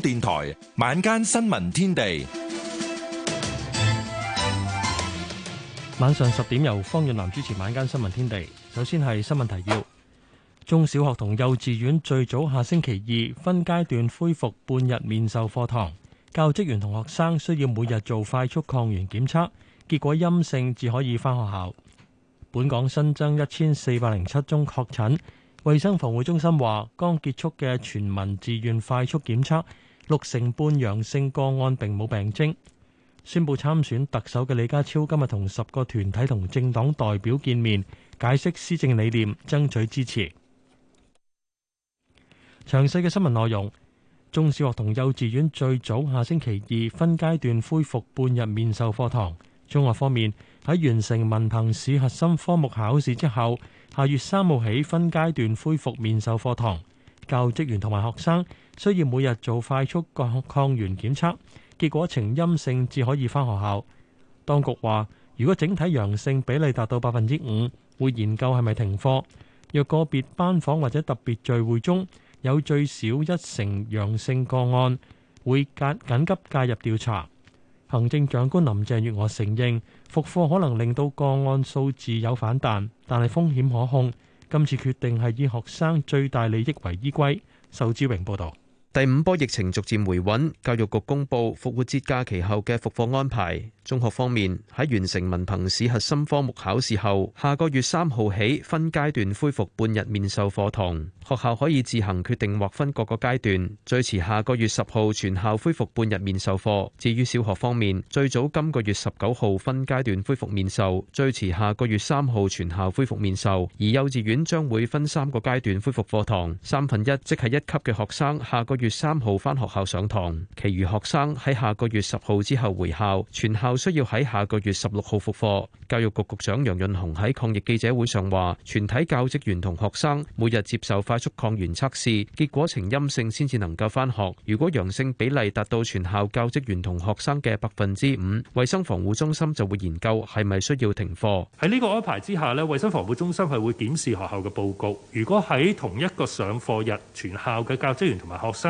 電台晚間新聞天地，晚上十點由方若南主持晚間新聞天地。首先係新聞提要：中小學同幼稚園最早下星期二分階段恢復半日面授課堂，教職員同學生需要每日做快速抗原檢測，結果陰性至可以返學校。本港新增一千四百零七宗確診，衛生防護中心話剛結束嘅全民自願快速檢測。六成半陽性個案並冇病徵。宣布參選特首嘅李家超今日同十個團體同政黨代表見面，解釋施政理念，爭取支持。詳細嘅新聞內容。中小學同幼稚園最早下星期二分階段恢復半日面授課堂。中學方面喺完成文憑試核心科目考試之後，下月三號起分階段恢復面授課堂。教職員同埋學生需要每日做快速抗抗原檢測，結果呈陰性至可以返學校。當局話，如果整體陽性比例達到百分之五，會研究係咪停課。若個別班房或者特別聚會中有最少一成陽性個案，會緊緊急介入調查。行政長官林鄭月娥承認，復課可能令到個案數字有反彈，但係風險可控。今次決定係以學生最大利益為依歸。仇志榮報導。第五波疫情逐漸回穩，教育局公布復活節假期後嘅復課安排。中學方面喺完成文憑試核心科目考試後，下個月三號起分階段恢復半日面授課堂，學校可以自行決定劃分各個階段，最遲下個月十號全校恢復半日面授課。至於小學方面，最早今個月十九號分階段恢復面授，最遲下個月三號全校恢復面授。而幼稚園將會分三個階段恢復課堂，三分一即係一級嘅學生下個月月三號翻學校上堂，其餘學生喺下個月十號之後回校，全校需要喺下個月十六號復課。教育局局長楊潤雄喺抗疫記者會上話，全體教職員同學生每日接受快速抗原測試，結果呈陰性先至能夠翻學。如果陽性比例達到全校教職員同學生嘅百分之五，衛生防護中心就會研究係咪需要停課。喺呢個安排之下呢，衛生防護中心係會檢視學校嘅報告，如果喺同一個上課日全校嘅教職員同埋學生。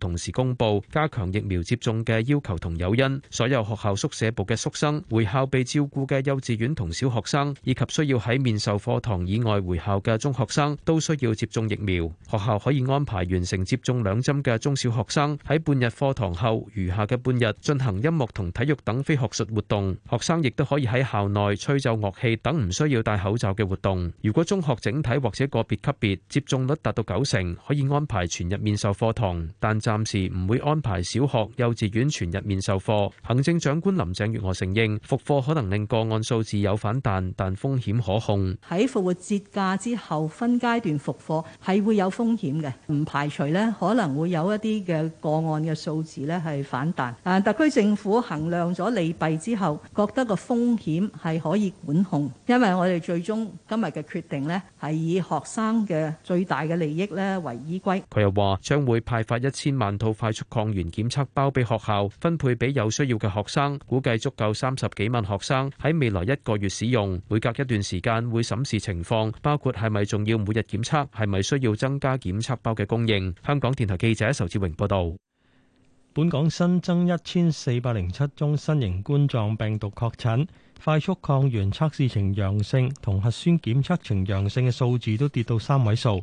同時公布加強疫苗接種嘅要求同誘因，所有學校宿舍部嘅宿生、回校被照顧嘅幼稚園同小學生，以及需要喺面授課堂以外回校嘅中學生，都需要接種疫苗。學校可以安排完成接種兩針嘅中小學生喺半日課堂後，餘下嘅半日進行音樂同體育等非學術活動。學生亦都可以喺校內吹奏樂器等唔需要戴口罩嘅活動。如果中學整體或者個別級別接種率達到九成，可以安排全日面授課堂，但暫時唔會安排小學、幼稚園全日面授課。行政長官林鄭月娥承認，復課可能令個案數字有反彈，但風險可控。喺復活節假之後分階段復課係會有風險嘅，唔排除咧可能會有一啲嘅個案嘅數字咧係反彈，啊，特區政府衡量咗利弊之後覺得個風險係可以管控，因為我哋最終今日嘅決定咧係以學生嘅最大嘅利益咧為依歸，佢又話將會派發一千萬套快速抗原檢測包俾學校分配俾有需要嘅學生，估計足夠三十幾萬學生喺未來一個月使用。每隔一段時間會審視情況，包括係咪仲要每日檢測，係咪需要增加檢測包嘅供應。香港電台記者仇志榮報道。本港新增一千四百零七宗新型冠狀病毒確診，快速抗原測試呈陽性同核酸檢測呈陽性嘅數字都跌到三位數。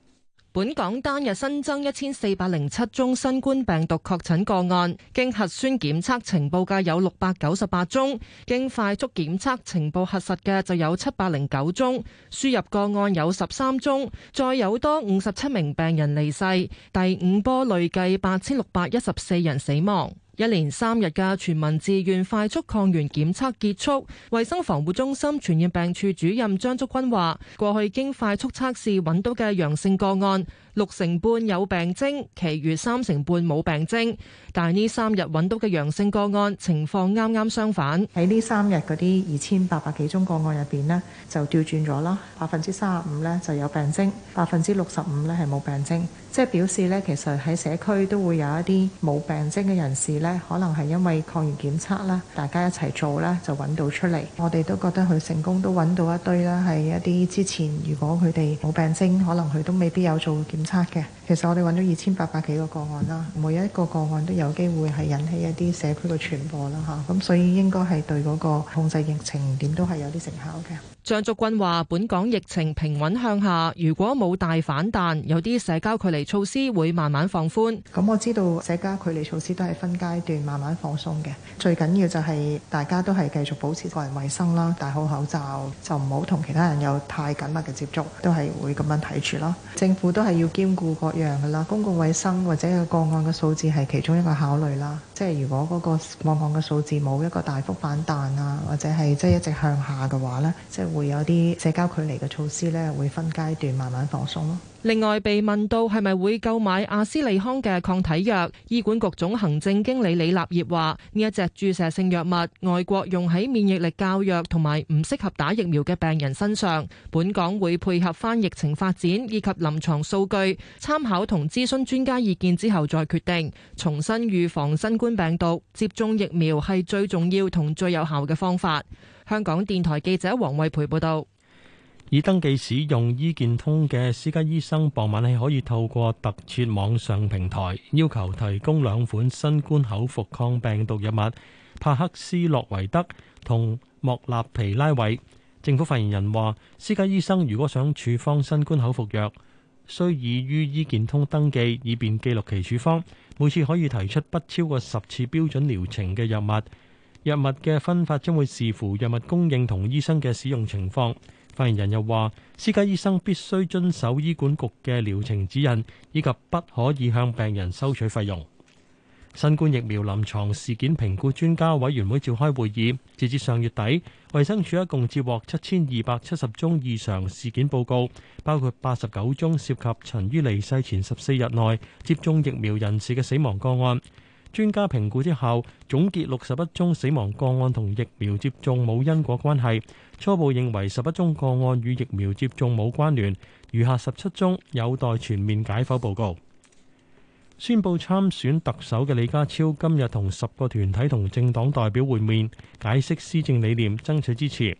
本港單日新增一千四百零七宗新冠病毒確診個案，經核酸檢測呈報嘅有六百九十八宗，經快速檢測呈報核實嘅就有七百零九宗，輸入個案有十三宗，再有多五十七名病人離世，第五波累計八千六百一十四人死亡。一連三日嘅全民自願快速抗原檢測結束，衛生防護中心傳染病處主任張竹君話，過去經快速測試揾到嘅陽性個案，六成半有病徵，其餘三成半冇病徵。但係呢三日揾到嘅陽性個案情況啱啱相反，喺呢三日嗰啲二千八百幾宗個案入邊呢就調轉咗啦，百分之三十五呢就有病徵，百分之六十五呢係冇病徵。即係表示咧，其實喺社區都會有一啲冇病徵嘅人士咧，可能係因為抗原檢測啦，大家一齊做啦，就揾到出嚟。我哋都覺得佢成功都揾到一堆啦，係一啲之前如果佢哋冇病徵，可能佢都未必有做檢測嘅。其實我哋揾咗二千八百幾個個案啦，每一個個案都有機會係引起一啲社區嘅傳播啦，嚇、啊、咁所以應該係對嗰個控制疫情點都係有啲成效嘅。張竹君話：本港疫情平穩向下，如果冇大反彈，有啲社交距離措施會慢慢放寬。咁、嗯、我知道社交距離措施都係分階段慢慢放鬆嘅，最緊要就係大家都係繼續保持個人衞生啦，戴好口罩，就唔好同其他人有太緊密嘅接觸，都係會咁樣睇住咯。政府都係要兼顧各樣噶啦，公共衛生或者個案嘅數字係其中一個考慮啦。即係如果個個案嘅數字冇一個大幅反彈啊，或者係即係一直向下嘅話咧，即係會有啲社交距離嘅措施咧，會分階段慢慢放鬆咯。另外被問到係咪會購買阿斯利康嘅抗體藥，醫管局總行政經理李立業話：呢一隻注射性藥物，外國用喺免疫力較弱同埋唔適合打疫苗嘅病人身上。本港會配合返疫情發展以及臨床數據，參考同諮詢專家意見之後再決定。重新預防新冠病毒，接種疫苗係最重要同最有效嘅方法。香港電台記者黃慧培報道。以登記使用醫健通嘅私家醫生，傍晚起可以透過特設網上平台要求提供兩款新冠口服抗病毒藥物帕克斯洛維德同莫納皮拉韋。政府發言人話：私家醫生如果想處方新冠口服藥，需以於醫健通登記，以便記錄其處方。每次可以提出不超過十次標準療程嘅藥物。藥物嘅分發將會視乎藥物供應同醫生嘅使用情況。發言人又話，私家醫生必須遵守醫管局嘅療程指引，以及不可以向病人收取費用。新冠疫苗臨床事件評估專家委員會召開會議，截至上月底，衛生署一共接獲七千二百七十宗異常事件報告，包括八十九宗涉及曾於離世前十四日內接種疫苗人士嘅死亡個案。專家評估之後，總結六十一宗死亡個案同疫苗接種冇因果關係，初步認為十一宗個案與疫苗接種冇關聯，餘下十七宗有待全面解剖報告。宣布參選特首嘅李家超今日同十個團體同政黨代表會面，解釋施政理念，爭取支持。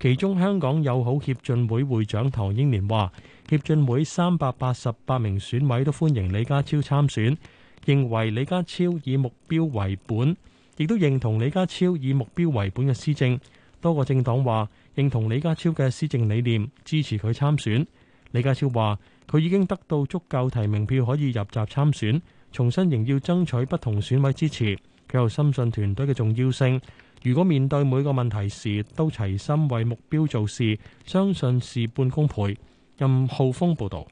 其中香港友好協進會會長唐英年話，協進會三百八十八名選委都歡迎李家超參選。認為李家超以目標為本，亦都認同李家超以目標為本嘅施政。多個政黨話認同李家超嘅施政理念，支持佢參選。李家超話佢已經得到足夠提名票可以入閘參選，重新仍要爭取不同選委支持。佢又深信團隊嘅重要性，如果面對每個問題時都齊心為目標做事，相信事半功倍。任浩峰報道。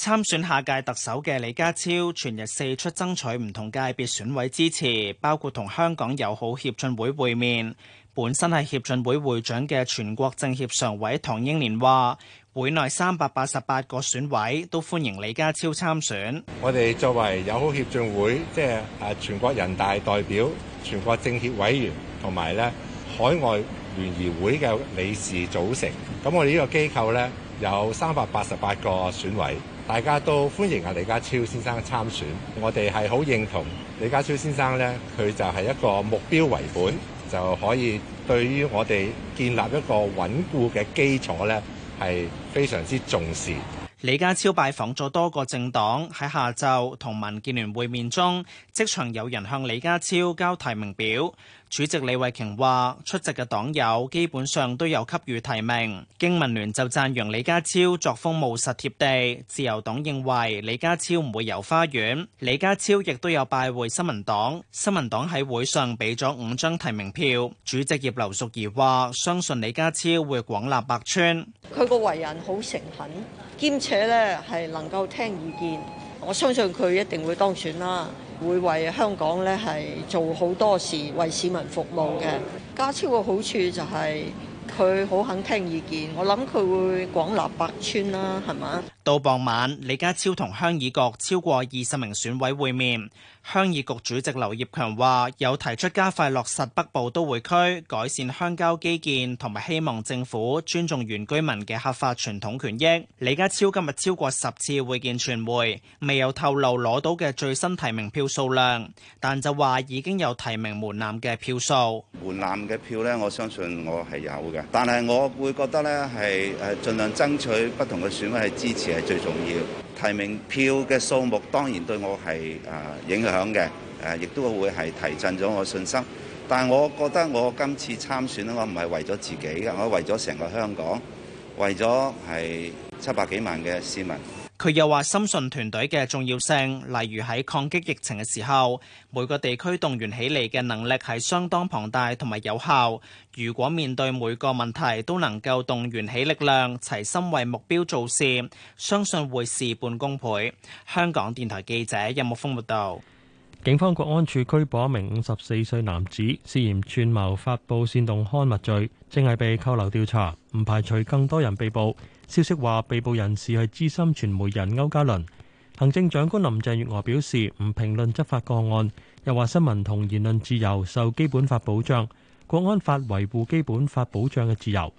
參選下屆特首嘅李家超，全日四出爭取唔同界別選委支持，包括同香港友好協進會會面。本身係協進會會長嘅全國政協常委唐英年話，會內三百八十八個選委都歡迎李家超參選。我哋作為友好協進會，即係啊全國人大代表、全國政協委員同埋咧海外聯誼會嘅理事組成。咁我哋呢個機構咧有三百八十八個選委。大家都歡迎啊，李家超先生參選。我哋係好認同李家超先生呢，佢就係一個目標為本，就可以對於我哋建立一個穩固嘅基礎呢，係非常之重視。李家超拜訪咗多個政黨，喺下晝同民建聯會面中，即場有人向李家超交提名表。主席李慧瓊話：出席嘅黨友基本上都有給予提名。經民聯就讚揚李家超作風務實貼地。自由黨認為李家超唔會遊花園。李家超亦都有拜會新民黨，新民黨喺會上俾咗五張提名票。主席葉劉淑儀話：相信李家超會廣納百川。佢個為人好誠懇，兼且呢係能夠聽意見，我相信佢一定會當選啦。會為香港咧係做好多事，為市民服務嘅。家超嘅好處就係佢好肯聽意見，我諗佢會廣納百川啦，係嘛？到傍晚，李家超同鄉議局超過二十名選委會面。鄉議局主席劉業強話：有提出加快落實北部都會區改善鄉郊基建，同埋希望政府尊重原居民嘅合法傳統權益。李家超今日超過十次會見傳媒，未有透露攞到嘅最新提名票數量，但就話已經有提名門檻嘅票數。門檻嘅票呢，我相信我係有嘅，但係我會覺得呢係誒盡量爭取不同嘅選委係支持係最重要，提名票嘅數目當然對我係誒影響。講嘅誒，亦都會係提振咗我信心。但我覺得我今次參選咧，我唔係為咗自己嘅，我為咗成個香港，為咗係七百幾萬嘅市民。佢又話：深信團隊嘅重要性，例如喺抗擊疫情嘅時候，每個地區動員起嚟嘅能力係相當龐大同埋有效。如果面對每個問題都能夠動員起力量，齊心為目標做事，相信會事半功倍。香港電台記者任木峯報道。警方國安處拘捕一名五十四歲男子，涉嫌串謀發佈煽動刊物罪，正係被扣留調查，唔排除更多人被捕。消息話，被捕人士係資深傳媒人區家麟。行政長官林鄭月娥表示，唔評論執法個案，又話新聞同言論自由受基本法保障，國安法維護基本法保障嘅自由。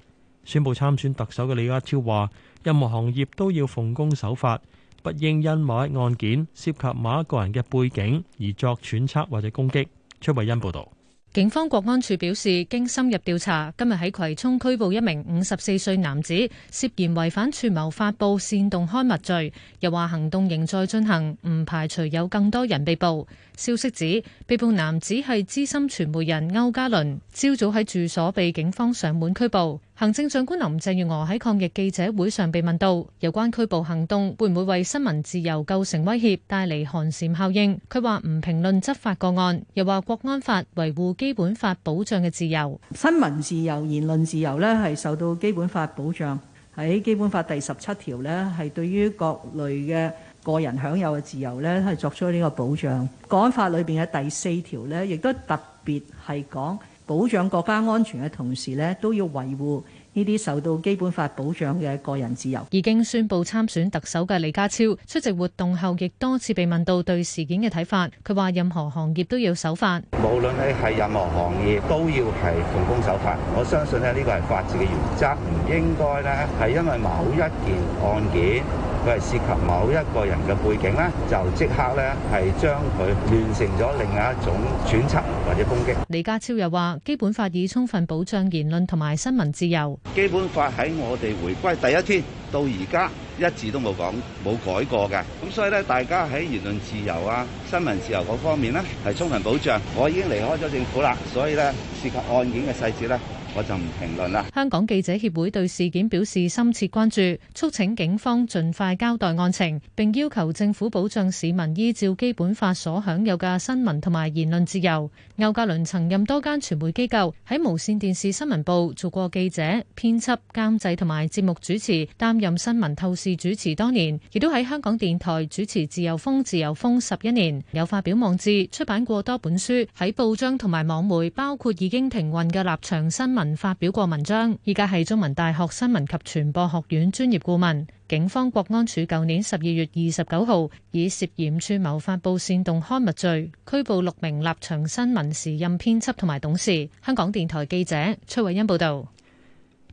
宣布參選特首嘅李家超話，任何行業都要奉公守法。不應因某一案件涉及某一個人嘅背景而作揣測或者攻擊。崔慧欣報道，警方國安處表示，經深入調查，今日喺葵涌拘捕一名五十四歲男子，涉嫌違反串謀發布煽動刊物罪。又話行動仍在進行，唔排除有更多人被捕。消息指被捕男子係資深傳媒人區家麟，朝早喺住所被警方上門拘捕。行政長官林鄭月娥喺抗疫記者會上被問到，有關拘捕行動會唔會為新聞自由構成威脅，帶嚟寒蟬效應？佢話唔評論執法個案，又話國安法維護基本法保障嘅自由，新聞自由、言論自由呢係受到基本法保障。喺基本法第十七條呢，係對於各類嘅。個人享有嘅自由呢，係作出呢個保障。《國安法》裏面嘅第四條呢，亦都特別係講保障國家安全嘅同時呢，都要維護。呢啲受到基本法保障嘅個人自由。已經宣布參選特首嘅李家超出席活動後，亦多次被問到對事件嘅睇法。佢話，任何行業都要守法，無論你係任何行業都要係奉公守法。我相信咧，呢個係法治嘅原則，唔應該咧係因為某一件案件佢係涉及某一個人嘅背景咧，就即刻咧係將佢亂成咗另外一種揣測或者攻擊。李家超又話基本法已充分保障言論同埋新聞自由。基本法喺我哋回歸第一天到而家一字都冇講，冇改過嘅。咁所以咧，大家喺言論自由啊、新聞自由嗰方面咧，係充分保障。我已經離開咗政府啦，所以咧涉及案件嘅細節咧。我就唔評論啦。香港記者協會對事件表示深切關注，促請警方盡快交代案情，並要求政府保障市民依照基本法所享有嘅新聞同埋言論自由。歐格倫曾任多間傳媒機構，喺無線電視新聞部做過記者、編輯、監製同埋節目主持，擔任新聞透視主持多年，亦都喺香港電台主持自由風，自由風十一年，有發表網誌，出版過多本書，喺報章同埋網媒，包括已經停運嘅立場新聞。發表過文章，依家係中文大學新聞及傳播學院專業顧問。警方國安處舊年十二月二十九號以涉嫌串謀發布煽動刊物罪拘捕六名立場新聞時任編輯同埋董事。香港電台記者崔慧欣報道。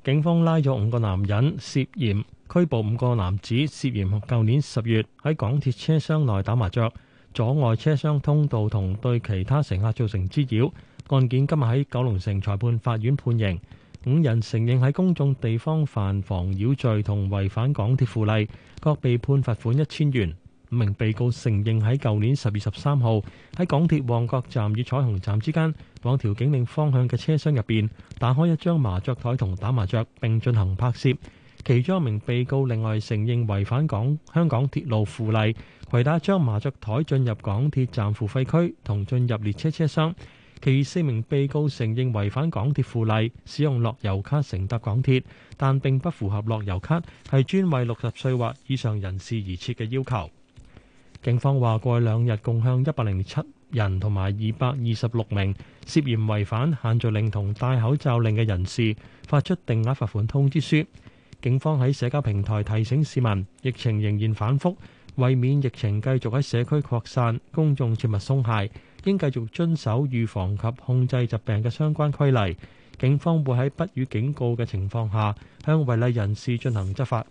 警方拉咗五個男人涉嫌拘捕五個男子涉嫌舊年十月喺港鐵車廂內打麻雀，阻礙車廂通道同對其他乘客造成滋擾。案件今日喺九龍城裁判法院判刑，五人承認喺公眾地方犯妨擾罪同違反港鐵附例，各被判罰款一千元。五名被告承認喺舊年十月十三號喺港鐵旺角站與彩虹站之間往調景嶺方向嘅車廂入邊打開一張麻雀台同打麻雀，並進行拍攝。其中一名被告另外承認違反港香港鐵路附例，携帶一張麻雀台進入港鐵站付費區同進入列車車廂。其餘四名被告承認違反港鐵附例，使用樂悠卡乘搭港鐵，但並不符合樂悠卡係專為六十歲或以上人士而設嘅要求。警方話過去兩日共向一百零七人同埋二百二十六名涉嫌違反限聚令同戴口罩令嘅人士發出定額罰款通知書。警方喺社交平台提醒市民，疫情仍然反覆，為免疫情繼續喺社區擴散，公眾切勿鬆懈。應繼續遵守預防及控制疾病嘅相關規例。警方會喺不予警告嘅情況下，向違例人士進行執法。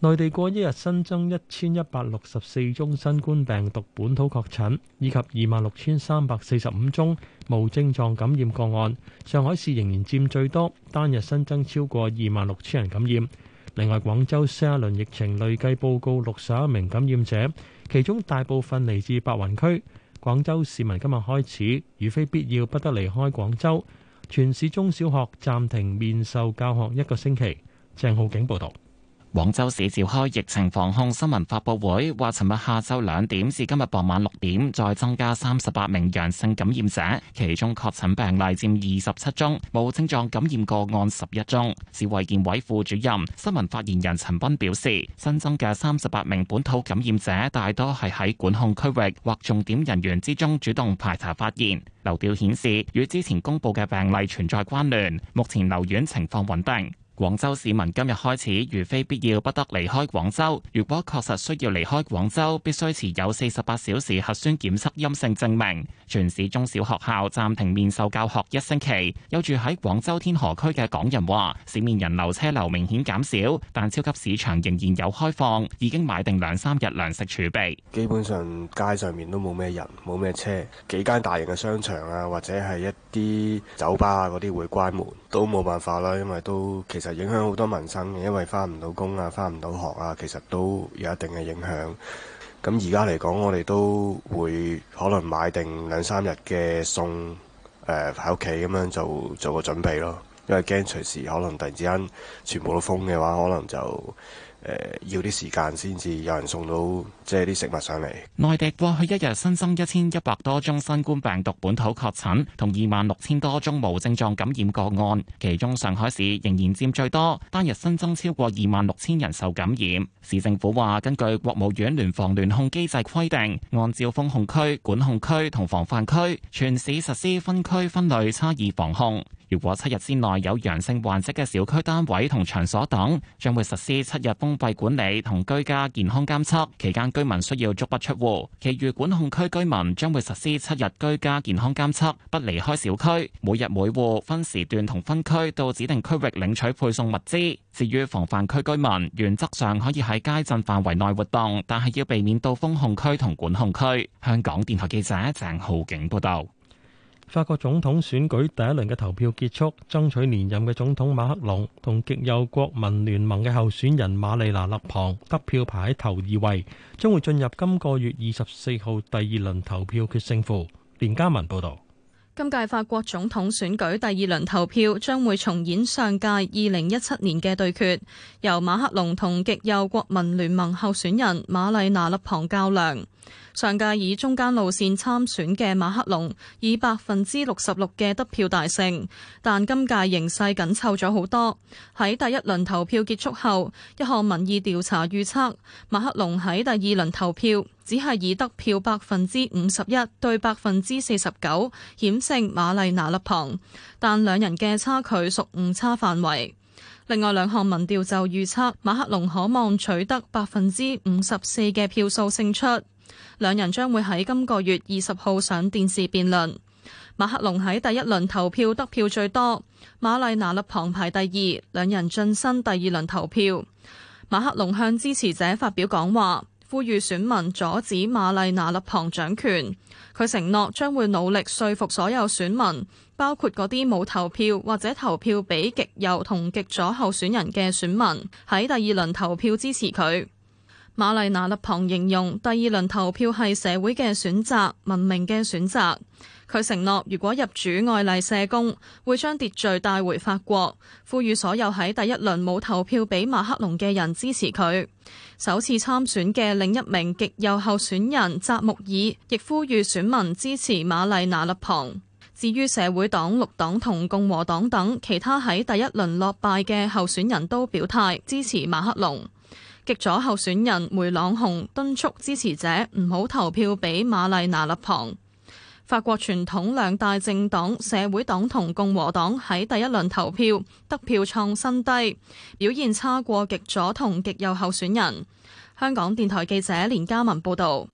內地過一日新增一千一百六十四宗新冠病毒本土確診，以及二萬六千三百四十五宗無症狀感染個案。上海市仍然佔最多，單日新增超過二萬六千人感染。另外，廣州新一輪疫情累計報告六十一名感染者，其中大部分嚟自白雲區。廣州市民今日開始，如非必要不得離開廣州。全市中小學暫停面授教學一個星期。鄭浩景報導。廣州市召開疫情防控新聞發布會，話尋日下晝兩點至今日傍晚六點，再增加三十八名陽性感染者，其中確診病例占二十七宗，無症狀感染個案十一宗。市衛健委副主任、新聞發言人陳斌表示，新增嘅三十八名本土感染者大多係喺管控區域或重點人員之中主動排查發現，流調顯示與之前公布嘅病例存在關聯，目前留院情況穩定。廣州市民今日開始，如非必要不得離開廣州。如果確實需要離開廣州，必須持有四十八小時核酸檢測陰性證明。全市中小學校暫停面授教學一星期。有住喺廣州天河區嘅港人話：市面人流車流明顯減少，但超級市場仍然有開放，已經買定兩三日糧食儲備。基本上街上面都冇咩人，冇咩車。幾間大型嘅商場啊，或者係一啲酒吧啊嗰啲會關門，都冇辦法啦，因為都其實。影響好多民生嘅，因為返唔到工啊，返唔到學啊，其實都有一定嘅影響。咁而家嚟講，我哋都會可能買定兩三日嘅餸，誒喺屋企咁樣做做個準備咯，因為驚隨時可能突然之間全部都封嘅話，可能就～誒要啲時間先至有人送到，即係啲食物上嚟。內地過去一日新增一千一百多宗新冠病毒本土確診，同二萬六千多宗無症狀感染個案，其中上海市仍然佔最多，單日新增超過二萬六千人受感染。市政府話，根據國務院聯防聯控機制規定，按照封控區、管控區同防範區，全市實施分區分類差異防控。如果七日之內有陽性患者嘅小區單位同場所等，將會實施七日封閉管理同居家健康監測，期間居民需要足不出戶，其餘管控區居民將會實施七日居家健康監測，不離開小區，每日每戶分時段同分區到指定區域領取配送物資。至於防範區居民，原則上可以喺街鎮範圍內活動，但係要避免到封控區同管控區。香港電台記者鄭浩景報道。法國總統選舉第一輪嘅投票結束，爭取連任嘅總統馬克龍同極右國民聯盟嘅候選人瑪利娜勒龐得票排喺頭二位，將會進入今個月二十四號第二輪投票決勝負。連家文報道。今屆法國總統選舉第二輪投票將會重演上屆二零一七年嘅對決，由馬克龍同極右國民聯盟候選人瑪麗娜勒龐較量。上屆以中間路線參選嘅馬克龍以百分之六十六嘅得票大勝，但今屆形勢緊湊咗好多。喺第一輪投票結束後，一項民意調查預測馬克龍喺第二輪投票。只係以得票百分之五十一對百分之四十九險勝瑪麗娜勒龐，但兩人嘅差距屬誤差範圍。另外兩項民調就預測馬克龍可望取得百分之五十四嘅票數勝出，兩人將會喺今個月二十號上電視辯論。馬克龍喺第一輪投票得票最多，瑪麗娜勒龐排第二，兩人晉身第二輪投票。馬克龍向支持者發表講話。呼籲選民阻止馬麗娜勒龐掌權。佢承諾將會努力說服所有選民，包括嗰啲冇投票或者投票俾極右同極左候選人嘅選民，喺第二輪投票支持佢。馬麗娜勒龐形容第二輪投票係社會嘅選擇、文明嘅選擇。佢承諾如果入主愛麗舍宮，會將秩序帶回法國。呼籲所有喺第一輪冇投票俾馬克龍嘅人支持佢。首次參選嘅另一名極右候選人扎木爾亦呼籲選民支持馬麗娜勒龐。至於社會黨、綠黨同共和黨等其他喺第一輪落敗嘅候選人都表態支持馬克龍。極左候選人梅朗雄敦促支持者唔好投票俾馬麗娜勒龐。法國傳統兩大政黨社會黨同共和黨喺第一輪投票得票創新低，表現差過極左同極右候選人。香港電台記者連嘉文報導。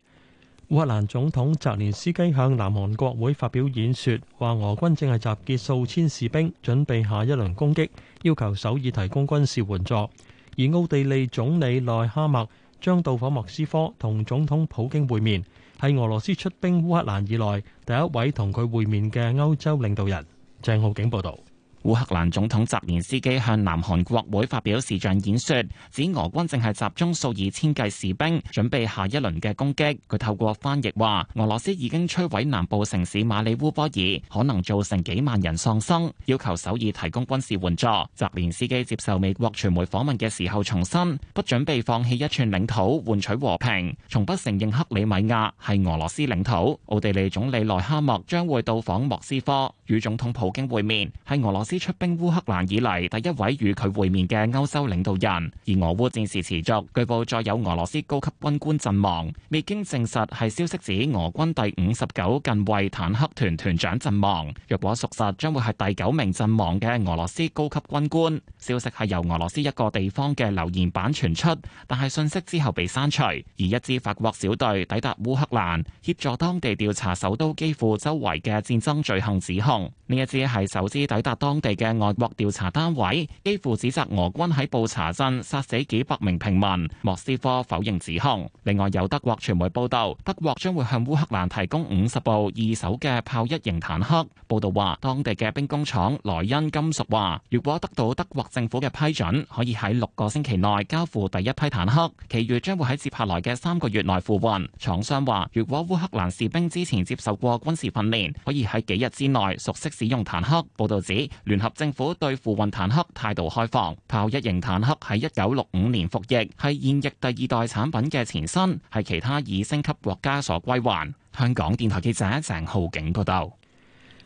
烏克蘭總統澤連斯基向南韓國會發表演說，話俄軍正係集結數千士兵，準備下一輪攻擊，要求首爾提供軍事援助。而奧地利總理內哈默將到訪莫斯科，同總統普京會面。係俄羅斯出兵烏克蘭以來第一位同佢會面嘅歐洲領導人鄭浩景報道。烏克蘭總統澤連斯基向南韓國會發表視像演說，指俄軍正係集中數以千計士兵，準備下一輪嘅攻擊。佢透過翻譯話，俄羅斯已經摧毀南部城市馬里烏波爾，可能造成幾萬人喪生，要求首爾提供軍事援助。澤連斯基接受美國傳媒訪問嘅時候重申，不準備放棄一寸領土換取和平，從不承認克里米亞係俄羅斯領土。奧地利總理內哈默將會到訪莫斯科，與總統普京會面，喺俄羅斯。出兵烏克蘭以嚟，第一位與佢會面嘅歐洲領導人，而俄烏戰事持續，據報再有俄羅斯高級軍官陣亡，未經證實係消息指俄軍第五十九近衛坦克團團長陣亡，若果屬實將會係第九名陣亡嘅俄羅斯高級軍官。消息係由俄羅斯一個地方嘅留言板傳出，但係信息之後被刪除。而一支法國小隊抵達烏克蘭，協助當地調查首都基輔周圍嘅戰爭罪行指控。呢一支係首支抵達當。地嘅外國調查單位，幾乎指責俄軍喺布查鎮殺死幾百名平民，莫斯科否認指控。另外有德國傳媒報道，德國將會向烏克蘭提供五十部二手嘅豹一型坦克。報道話，當地嘅兵工廠萊茵金屬話，如果得到德國政府嘅批准，可以喺六個星期內交付第一批坦克，其餘將會喺接下來嘅三個月內付運。廠商話，如果烏克蘭士兵之前接受過軍事訓練，可以喺幾日之內熟悉使用坦克。報道指，聯合政府對付運坦克態度開放。豹一型坦克喺一九六五年服役，係現役第二代產品嘅前身，係其他已升級國家所歸還。香港電台記者鄭浩景報導。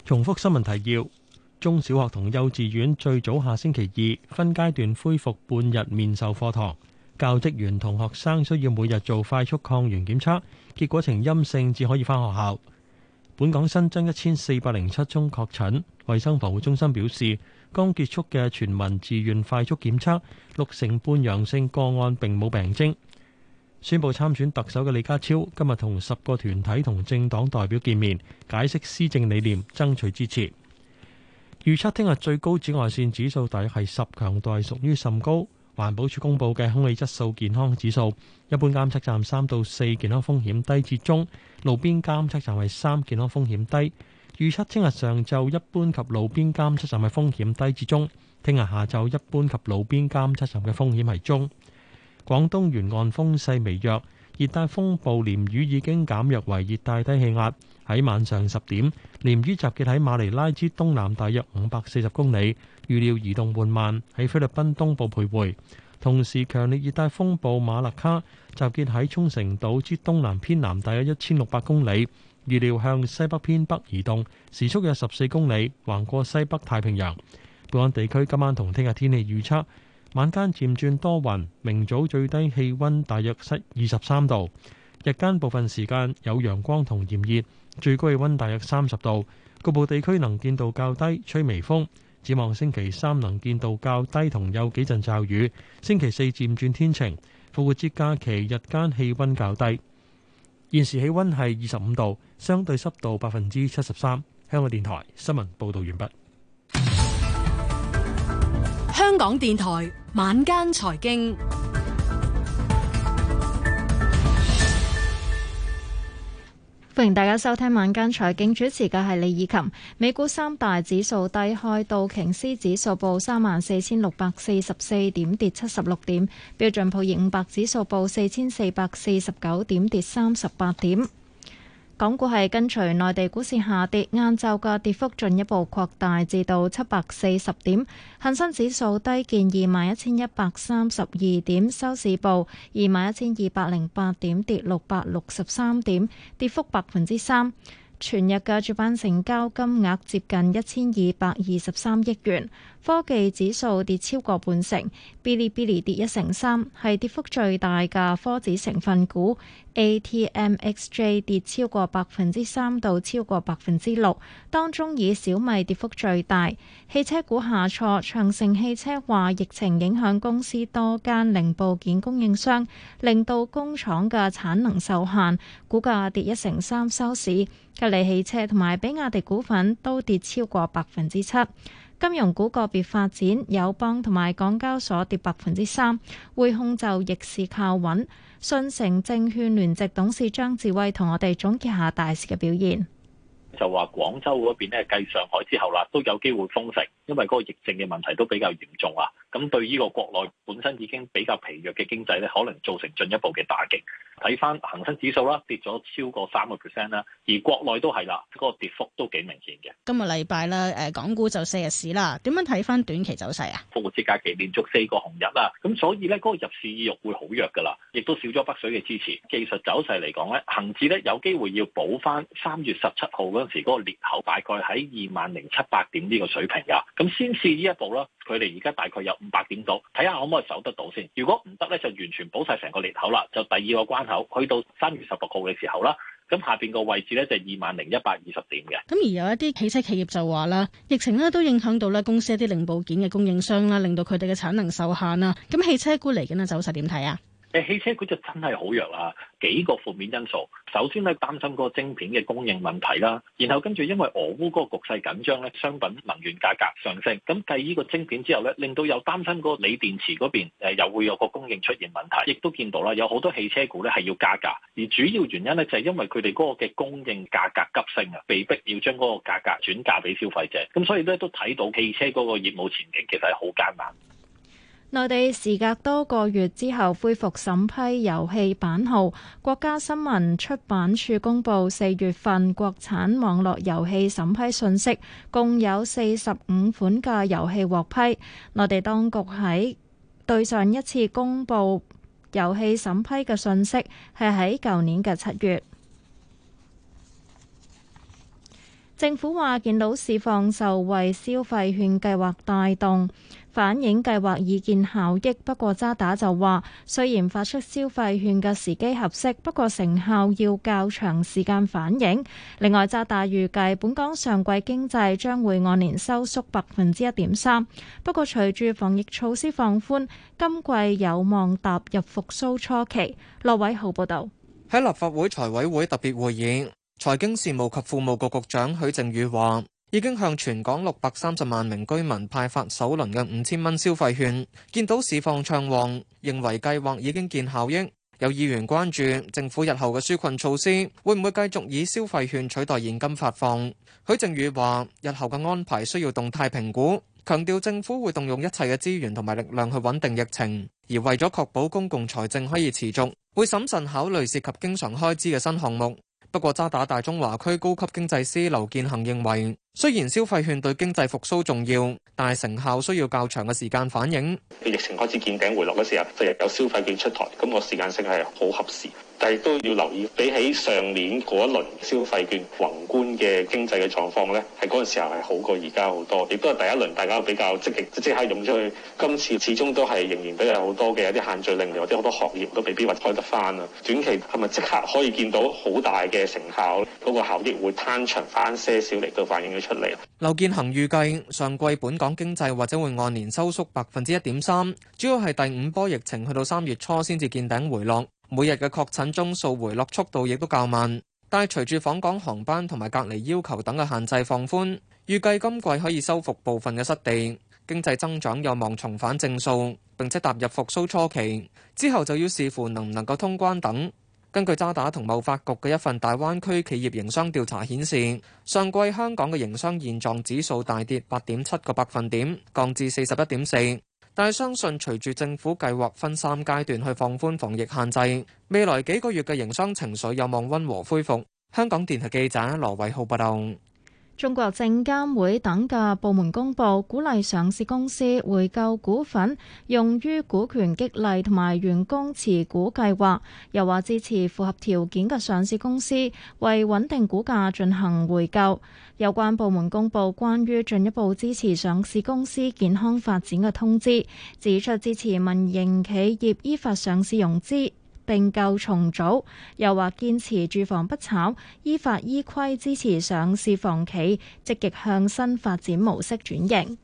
重複新聞提要：中小學同幼稚園最早下星期二分階段恢復半日面授課堂，教職員同學生需要每日做快速抗原檢測，結果呈陰性，至可以返學校。本港新增一千四百零七宗確診。衛生防護中心表示，剛結束嘅全民自願快速檢測六成半陽性個案並冇病徵。宣布參選特首嘅李家超今日同十個團體同政黨代表見面，解釋施政理念，爭取支持。預測聽日最高紫外綫指數大約係十，強度屬於甚高。環保署公布嘅空氣質素健康指數，一般監測站三到四，健康風險低至中。路邊監測站係三，健康風險低，預測聽日上晝一般及路邊監測站嘅風險低至中，聽日下晝一般及路邊監測站嘅風險係中。廣東沿岸風勢微弱，熱帶風暴鮎魚已經減弱為熱帶低氣壓，喺晚上十點，鮎魚集結喺馬尼拉之東南大約五百四十公里，預料移動緩慢，喺菲律賓東部徘徊。同時，強烈熱帶風暴馬勒卡集結喺沖繩島之東南偏南大約一千六百公里，預料向西北偏北移動，時速約十四公里，橫過西北太平洋。本港地區今晚同聽日天氣預測，晚間漸轉多雲，明早最低氣温大約攝氏二十三度，日間部分時間有陽光同炎熱，最高氣温大約三十度。局部地區能見度較低，吹微風。指望星期三能見度較低同有幾陣驟雨，星期四漸轉天晴。復活節假期日間氣溫較低，現時氣溫係二十五度，相對濕度百分之七十三。香港電台新聞報道完畢。香港電台晚間財經。歡迎大家收聽晚間財經，主持嘅係李以琴。美股三大指數低開，道瓊斯指數報三萬四千六百四十四點，跌七十六點；標準普爾五百指數報四千四百四十九點，跌三十八點。港股係跟隨內地股市下跌，晏晝嘅跌幅進一步擴大至到七百四十點，恒生指數低見二萬一千一百三十二點，收市報二萬一千二百零八點，跌六百六十三點，跌幅百分之三。全日嘅主板成交金額接近一千二百二十三億元，科技指數跌超過半成，Bilibili 跌一成三，係跌幅最大嘅科指成分股。ATMXJ 跌超過百分之三到超過百分之六，當中以小米跌幅最大。汽車股下挫，長城汽車話疫情影響公司多間零部件供應商，令到工廠嘅產能受限，股價跌一成三收市。吉利汽車同埋比亞迪股份都跌超過百分之七。金融股個別發展，友邦同埋港交所跌百分之三，匯控就逆市靠穩。信誠證券聯席董事張志威同我哋總結下大市嘅表現，就話廣州嗰邊呢，繼上海之後啦，都有機會封城，因為嗰個疫症嘅問題都比較嚴重啊。咁對呢個國內本身已經比較疲弱嘅經濟咧，可能造成進一步嘅打擊。睇翻恒生指數啦，跌咗超過三個 percent 啦，而國內都係啦，嗰個跌幅都幾明顯嘅。今日禮拜咧，誒、呃，港股就四日市啦。點樣睇翻短期走勢啊？復活節假期連續四個紅日啦，咁所以咧，嗰個入市意欲會好弱噶啦，亦都少咗北水嘅支持。技術走勢嚟講咧，恒指咧有機會要補翻三月十七號嗰陣時嗰個裂口，大概喺二萬零七百點呢個水平噶。咁先試呢一步啦。佢哋而家大概有五百點到，睇下可唔可以守得到先。如果唔得咧，就完全保晒成個裂口啦。就第二個關口，去到三月十六號嘅時候啦。咁下邊個位置咧就係二萬零一百二十點嘅。咁而有一啲汽車企業就話啦，疫情咧都影響到咧公司一啲零部件嘅供應商啦，令到佢哋嘅產能受限啦。咁汽車股嚟緊嘅走勢點睇啊？汽車股就真係好弱啦，幾個負面因素。首先咧，擔心嗰個晶片嘅供應問題啦，然後跟住因為俄烏嗰個局勢緊張咧，商品能源價格上升，咁計呢個晶片之後咧，令到又擔心嗰個鋰電池嗰邊又會有個供應出現問題，亦都見到啦，有好多汽車股咧係要加價，而主要原因咧就係因為佢哋嗰個嘅供應價格急升啊，被迫要將嗰個價格轉嫁俾消費者，咁所以咧都睇到汽車嗰個業務前景其實係好艱難。內地時隔多個月之後恢復審批遊戲版號。國家新聞出版署公布四月份國產網絡遊戲審批信息，共有四十五款嘅遊戲獲批。內地當局喺對上一次公布遊戲審批嘅信息係喺舊年嘅七月。政府話見到市況受惠消費券計劃帶動。反映計劃意見效益，不過渣打就話，雖然發出消費券嘅時機合適，不過成效要較長時間反映。另外，渣打預計本港上季經濟將會按年收縮百分之一點三，不過隨住防疫措施放寬，今季有望踏入復甦初期。羅偉豪報導。喺立法會財委會特別會議，財經事務及庫務局局局長許正宇話，已經向全港六百三十萬名居民派發首輪嘅五千蚊消費券，見到市況暢旺，認為計劃已經見效益。益有議員關注政府日後嘅紓困措施會唔會繼續以消費券取代現金發放。許正宇話：日後嘅安排需要動態評估，強調政府會動用一切嘅資源同埋力量去穩定疫情，而為咗確保公共財政可以持續，會審慎考慮涉及經常開支嘅新項目。不過渣打大中華區高級經濟師劉建恒認為，雖然消費券對經濟復甦重要，但係成效需要較長嘅時間反映。疫情開始見頂回落嘅時候，即日有消費券出台，咁個時間性係好合時。但係都要留意，比起上年嗰一輪消費券，宏觀嘅經濟嘅狀況呢係嗰個時候係好過而家好多，亦都係第一輪大家比較積極，即即刻用出去。今次始終都係仍然都有好多嘅一啲限聚令，或者好多行業都未必話開得翻啊。短期係咪即刻可以見到好大嘅成效？嗰個效益會攤長翻些少，嚟到反映咗出嚟。劉建恒預計，上季本港經濟或者會按年收縮百分之一點三，主要係第五波疫情去到三月初先至見頂回落。每日嘅確診宗數回落速度亦都較慢，但係隨住訪港航班同埋隔離要求等嘅限制放寬，預計今季可以收復部分嘅失地，經濟增長有望重返正數，並且踏入復甦初期。之後就要視乎能唔能夠通關等。根據渣打同貿發局嘅一份大灣區企業營商調查顯示，上季香港嘅營商現狀指數大跌八點七個百分點，降至四十一點四。但係相信，隨住政府計劃分三階段去放寬防疫限制，未來幾個月嘅營商情緒有望溫和恢復。香港電台記者羅偉浩報道。中國證監會等嘅部門公布，鼓勵上市公司回購股份用於股權激勵同埋員工持股計劃，又話支持符合條件嘅上市公司為穩定股價進行回購。有關部門公布關於進一步支持上市公司健康發展嘅通知，指出支持民營企業，業依法上市融資。並購重組，又或堅持住房不炒，依法依規支持上市房企積極向新發展模式轉型。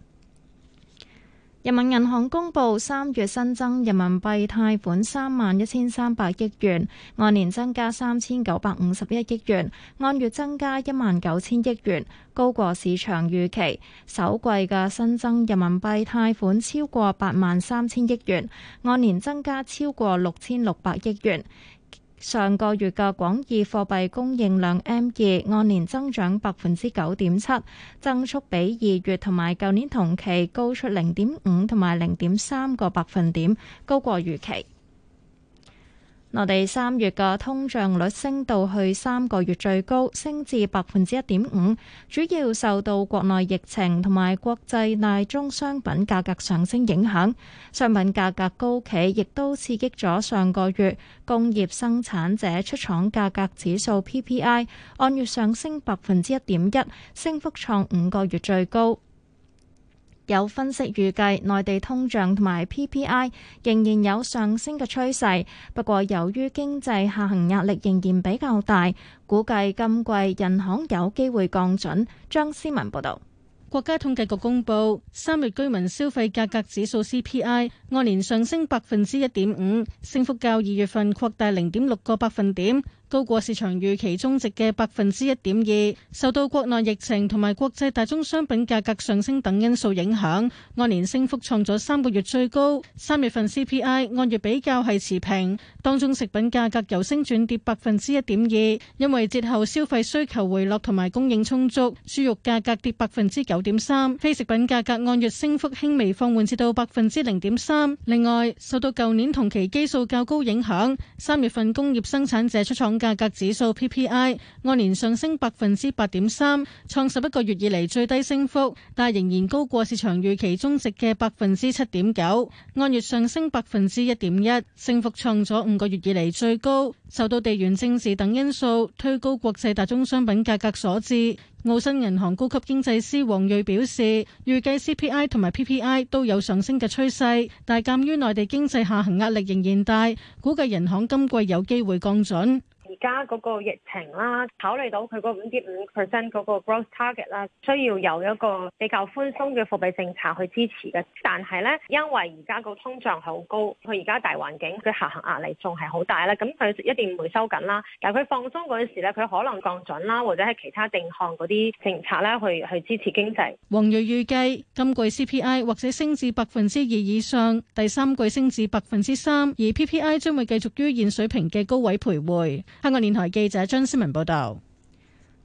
人民銀行公布三月新增人民幣貸款三萬一千三百億元，按年增加三千九百五十一億元，按月增加一萬九千億元，高過市場預期。首季嘅新增人民幣貸款超過八萬三千億元，按年增加超過六千六百億元。上個月嘅廣義貨幣供應量 M 二按年增長百分之九點七，增速比二月同埋舊年同期高出零點五同埋零點三個百分點，高過預期。內地三月嘅通脹率升到去三個月最高，升至百分之一點五，主要受到國內疫情同埋國際大宗商品價格上升影響。商品價格高企，亦都刺激咗上個月工業生產者出廠價格指數 PPI 按月上升百分之一點一，升幅創五個月最高。有分析預計，內地通脹同埋 PPI 仍然有上升嘅趨勢，不過由於經濟下行壓力仍然比較大，估計今季人行有機會降準。張思文報導，國家統計局公佈三月居民消費價格指數 CPI 按年上升百分之一點五，升幅較二月份擴大零點六個百分點。高過市場預期中值嘅百分之一點二，受到國內疫情同埋國際大宗商品價格上升等因素影響，按年升幅創咗三個月最高。三月份 CPI 按月比較係持平。當中食品價格由升轉跌百分之一點二，因為節後消費需求回落同埋供應充足，豬肉價格跌百分之九點三。非食品價格按月升幅輕微放緩，至到百分之零點三。另外，受到舊年同期基數較高影響，三月份工業生產者出廠價格指數 PPI 按年上升百分之八點三，創十一個月以嚟最低升幅，但仍然高過市場預期中值嘅百分之七點九，按月上升百分之一點一，升幅創咗個月以嚟最高，受到地緣政治等因素推高國際大宗商品價格所致。澳新銀行高級經濟師王瑞表示，預計 CPI 同埋 PPI 都有上升嘅趨勢，但鑑於內地經濟下行壓力仍然大，估計銀行今季有機會降準。而家嗰個疫情啦，考慮到佢個五點五 percent 嗰個 growth target 啦，需要有一個比較寬鬆嘅貨幣政策去支持嘅。但係咧，因為而家個通脹係好高，佢而家大環境佢下行壓力仲係好大啦，咁佢一定唔會收緊啦。但係佢放鬆嗰陣時咧，佢可能降準啦，或者係其他定向嗰啲政策咧去去支持經濟。王睿預計今季 CPI 或者升至百分之二以上，第三季升至百分之三，而 PPI 將會繼續於現水平嘅高位徘徊。香港電台記者張思文報道，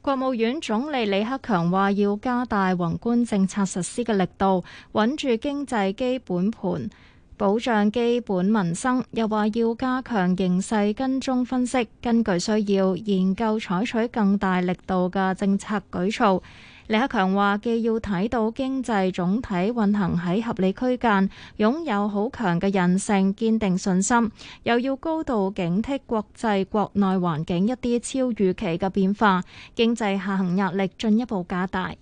國務院總理李克強話要加大宏觀政策實施嘅力度，穩住經濟基本盤，保障基本民生。又話要加強形勢跟蹤分析，根據需要研究採取更大力度嘅政策舉措。李克強話：既要睇到經濟總體運行喺合理區間，擁有好強嘅韌性、堅定信心，又要高度警惕國際國內環境一啲超預期嘅變化，經濟下行壓力進一步加大。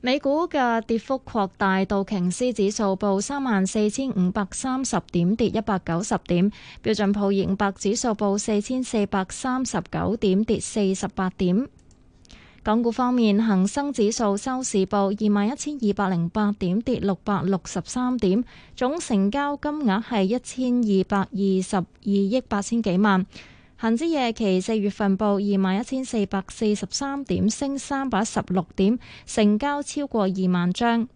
美股嘅跌幅擴大，大，道瓊斯指數報三萬四千五百三十點，跌一百九十點；標準普爾五百指數報四千四百三十九點，跌四十八點。港股方面，恒生指數收市報二萬一千二百零八點，跌六百六十三點，總成交金額係一千二百二十二億八千幾萬。恒指夜期四月份報二萬一千四百四十三點，升三百一十六點，成交超過二萬張。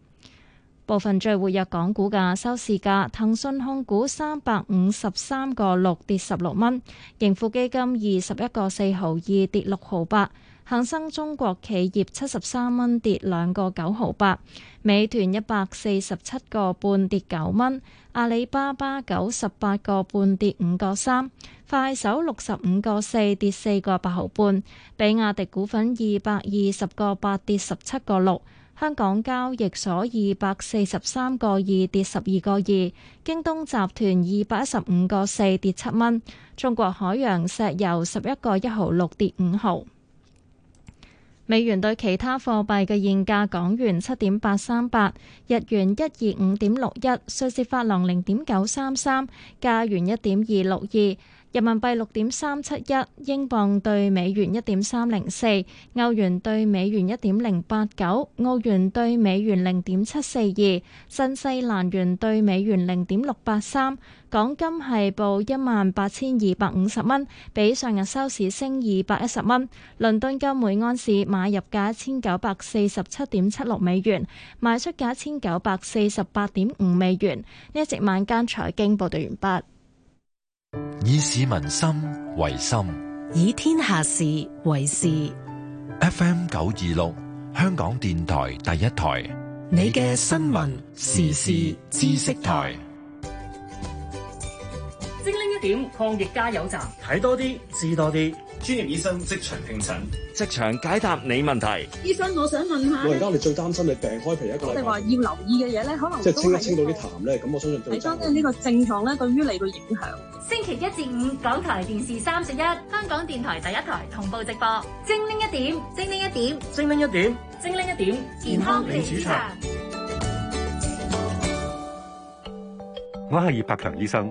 部分最活躍港股嘅收市價：騰訊控股三百五十三個六跌十六蚊，盈富基金二十一個四毫二跌六毫八。恒生中國企業七十三蚊跌兩個九毫八，美團一百四十七個半跌九蚊，阿里巴巴九十八個半跌五個三，快手六十五個四跌四個八毫半，比亞迪股份二百二十個八跌十七個六，香港交易所二百四十三個二跌十二個二，京東集團二百一十五個四跌七蚊，中國海洋石油十一個一毫六跌五毫。美元兌其他貨幣嘅現價：港元七點八三八，日元一二五點六一，瑞士法郎零點九三三，加元一點二六二。人民幣六點三七一，英鎊對美元一點三零四，歐元對美元一點零八九，澳元對美元零點七四二，新西蘭元對美元零點六八三。港金係報一萬八千二百五十蚊，比上日收市升二百一十蚊。倫敦金每安士買入價一千九百四十七點七六美元，賣出價一千九百四十八點五美元。呢一席晚間財經報導完畢。以市民心為心，以天下事為事。FM 九二六，香港電台第一台，你嘅新聞時事知識台，精靈一點，抗疫加油站，睇多啲，知多啲。專業醫生職場聽診，職場解答你問題。醫生，我想問下，我而家你最擔心你病開皮一個禮拜，你話要留意嘅嘢咧，可能即係清唔清到啲痰咧？咁我相信對。你講緊呢個症狀咧，對於你個影響。星期一至五港台電視三十一，香港電台第一台同步直播。精靈一點，精靈一點，精靈一點，精靈一點。健康你主場。我係葉柏強醫生。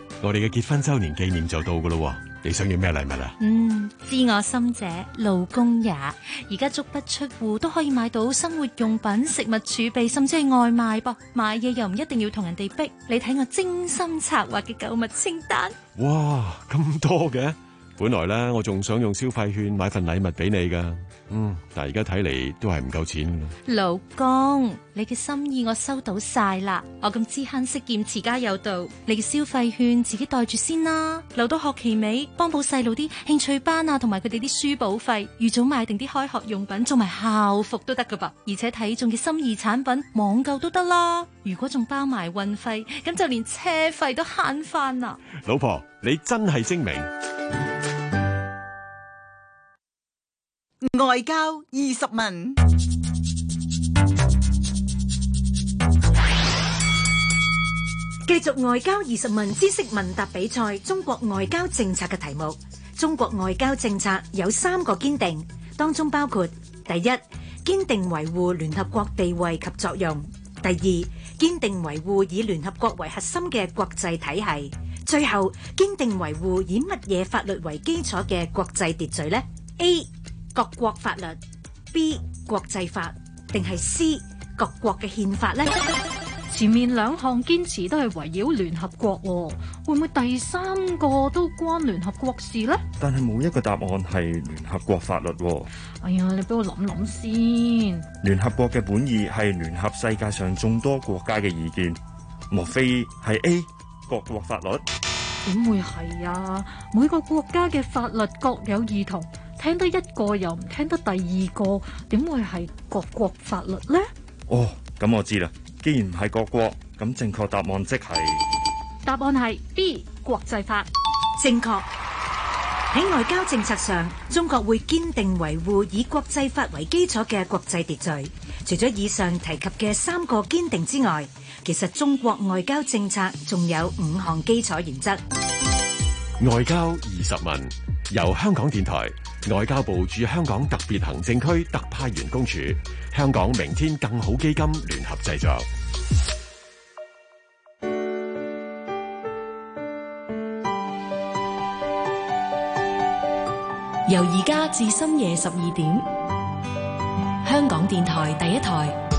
我哋嘅結婚周年紀念就到噶咯，你想要咩禮物啊？嗯，知我心者，老公也。而家足不出戶都可以買到生活用品、食物儲備，甚至係外賣噃。買嘢又唔一定要同人哋逼，你睇我精心策劃嘅購物清單。哇，咁多嘅。本來咧，我仲想用消費券買份禮物俾你噶嗯，但係而家睇嚟,都係唔夠錢。老公，你嘅心意我收到晒啦，我咁知慳識儉，持家有道，你嘅消費券自己袋住先啦。留到學期尾幫補細路啲興趣班啊，同埋佢哋啲書簿費，預早買定啲開學用品，做埋校服都得噶噃。而且睇中嘅心儀產品網購都得啦，如果仲包埋運費，咁就連車費都慳翻啦。老婆，你真係精明。外交二十問，繼續外交二十問知識問答比賽。中國外交政策嘅題目，中國外交政策有三個堅定，當中包括第一，堅定維護聯合國地位及作用；第二，堅定維護以聯合國為核心嘅國際體系；最後，堅定維護以乜嘢法律為基礎嘅國際秩序呢？A 各國法律、B 國際法定係 C 各國嘅憲法呢？前面兩項堅持都係圍繞聯合國，會唔會第三個都關聯合國事呢？但係冇一個答案係聯合國法律。哎呀，你俾我諗諗先。聯合國嘅本意係聯合世界上眾多國家嘅意見，莫非係 A 各國法律？點會係啊？每個國家嘅法律各有異同。聽得一個又唔聽得第二個，點會係各國法律呢？哦，咁我知啦。既然唔係各國，咁正確答案即係答案係 B 國際法，正確。喺外交政策上，中國會堅定維護以國際法為基礎嘅國際秩序。除咗以上提及嘅三個堅定之外，其實中國外交政策仲有五項基礎原則。外交二十問，由香港電台。外交部駐香港特別行政區特派員公署、香港明天更好基金聯合製作，由而家至深夜十二點，香港電台第一台。